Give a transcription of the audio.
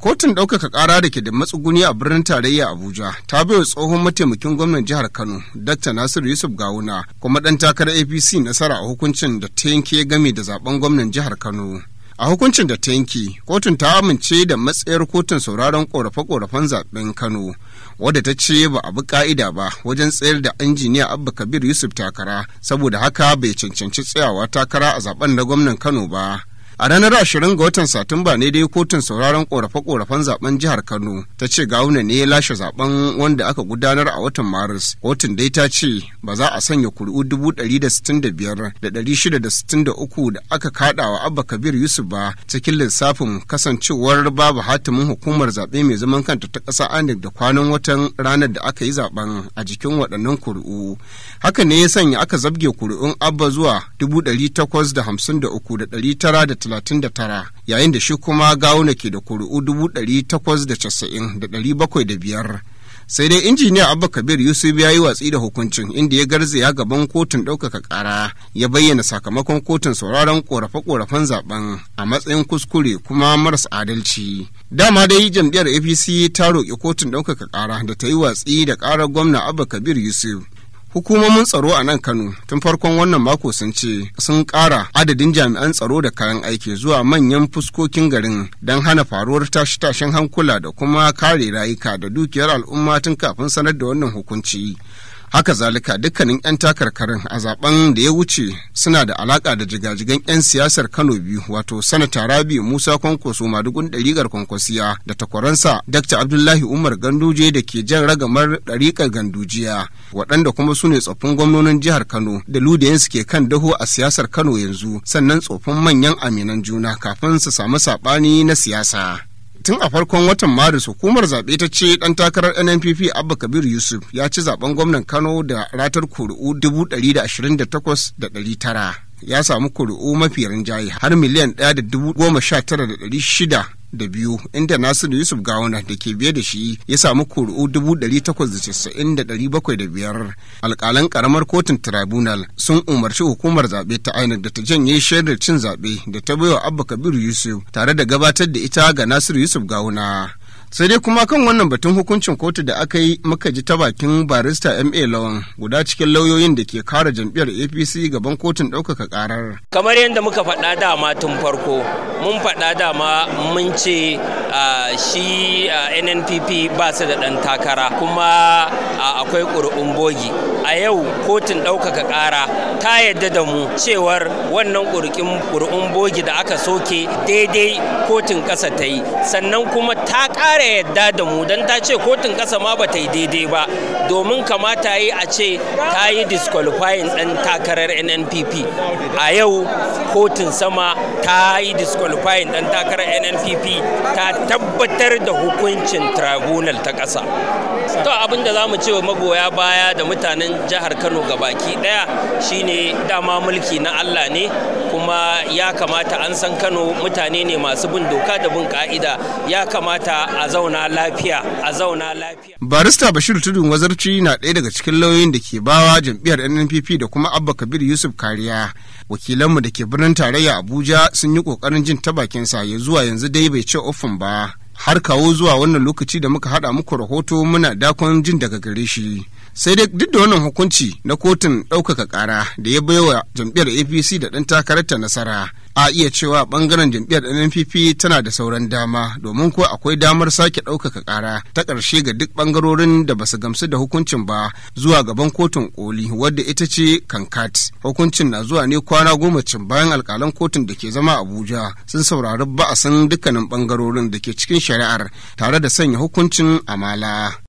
Kotun ɗaukaka ƙara da ke da matsuguni a birnin tarayya Abuja ta baiwa tsohon mataimakin gwamnan jihar Kano, Dr. Nasiru Yusuf Gawuna, kuma ɗan takarar APC nasara a hukuncin da ta yanke game da zaben gwamnan jihar Kano. A hukuncin da ta yanke, kotun ta amince da matsayar kotun sauraron ƙorafe-ƙorafen zaben Kano, wadda ta ce ba a bi ƙa'ida ba wajen tsayar da injiniya Abba Kabir Yusuf takara, saboda haka bai cancanci tsayawa takara a zaben na gwamnan Kano ba. A ranar ashirin ga watan Satumba ne dai kotun sauraron korafe-korafen zaben jihar Kano ta ce gawuna ne ya lashe zaben wanda aka gudanar a watan Maris. Kotun dai ta ce ba za a sanya kuri'u ɗari da aka kaɗawa Abba Kabir Yusuf ba cikin lissafin kasancewar babu hatimin hukumar zaɓe mai zaman kanta ta ƙasa Anik da kwanan watan ranar da aka yi zaben a jikin waɗannan kuri'u. Haka ne ya sanya aka zabge kuri'un Abba zuwa 853,930 39 yayin da shi kuma gawuna ke da kuri'u biyar. sai dai injiniya abba kabir yusuf ya yi watsi da hukuncin inda ya garzaya gaban kotun ɗaukaka ƙara ya bayyana sakamakon kotun sauraron ƙorafe-ƙorafen zaben a matsayin kuskure kuma maras adalci dama dai jam'iyyar apc ta roƙi kotun ɗaukaka ƙara da ta yi watsi da ƙarar gwamna abba kabir yusuf Hukumomin tsaro a nan Kano tun farkon wannan mako sun ce sun kara adadin jami'an tsaro da kayan aiki zuwa manyan fuskokin garin don hana faruwar tashe-tashen hankula da kuma kare rayuka da dukiyar al'umma tun kafin sanar da wannan hukunci. haka zalika dukkanin 'yan takarkarin a zaben da ya wuce suna da alaka da jigajigan 'yan siyasar kano biyu wato sanata rabi musa kwankwaso madugun ɗariƙar kwankwasiya da takwaransa dr abdullahi umar ganduje da ke jan ragamar ɗariƙar gandujiya waɗanda kuma su ne tsoffin gwamnonin jihar kano da ludayensu ke kan daho a siyasar kano yanzu sannan tsoffin manyan aminan juna kafin su samu saɓani na siyasa. tun a farkon watan maris hukumar zaɓe ta ce ɗan takarar nnpp abba kabir yusuf ya ci zaben gwamnan kano da ratar kuri'u tara ya samu kuri'u mafi rinjaye har miliyan ɗaya da dubu goma sha tara da ɗari shida da biyu inda nasiru yusuf gawuna da ke biye da shi ya samu kuri'u dubu ɗari takwas da casa'in da ɗari bakwai da biyar alƙalan ƙaramar kotun tribunal sun umarci hukumar zaɓe ta inec da ta janye shaidar cin zaɓe da ta baiwa abba kabiru yusuf tare da gabatar da ita ga nasiru yusuf gawuna sai dai kuma kan wannan batun hukuncin kotu da aka yi muka ji ta bakin barista ma lawan guda cikin lauyoyin da ke kare jam'iyyar apc gaban kotun ɗaukaka karar kamar yadda muka faɗa dama tun farko mun faɗa dama mun ce shi nnpp ba su da ɗan takara kuma akwai ƙuri'un bogi a yau kotun ɗaukaka ƙara ta yadda da mu cewar wannan ƙuri'un bogi da aka soke daidai kotun ƙasa ta yi sannan kuma ta ƙara ƙara yadda da mu don ta ce kotun ƙasa ma ba ta yi daidai ba domin kamata yi a ce ta yi disqualifying ɗan takarar nnpp a yau kotun sama ta yi disqualifying ɗan takarar nnpp ta tabbatar da hukuncin tribunal ta ƙasa to abin da za mu ce wa magoya baya da mutanen jihar kano ga baki ɗaya shine dama mulki na allah ne kuma ya kamata an san kano mutane ne masu bin doka da bin ka'ida ya kamata a zauna lafiya a zauna lafiya barista bashir tudun wazarci na ɗaya daga cikin lauyoyin da ke bawa jam'iyyar nnpp da kuma abba kabir yusuf kariya wakilanmu da ke birnin tarayya abuja sun yi ƙoƙarin jin ta sa ya zuwa yanzu dai bai ce ofin ba har kawo zuwa wannan lokaci da muka haɗa muku rahoto muna dakon jin daga gare shi sai dai duk da wannan hukunci na kotun ɗaukaka ƙara da ya baiwa jam'iyyar apc da ɗan takararta nasara a iya cewa ɓangaren jam'iyyar npp tana da sauran dama domin ko akwai damar sake ɗaukaka ƙara ta ƙarshe ga duk ɓangarorin da basu gamsu da hukuncin ba zuwa gaban kotun koli wadda ita ce kankat hukuncin na zuwa ne kwana goma cin bayan alƙalan kotun da ke zama abuja sun saurari ba'asin dukkanin ɓangarorin da ke cikin shari'ar tare da sanya hukuncin amala.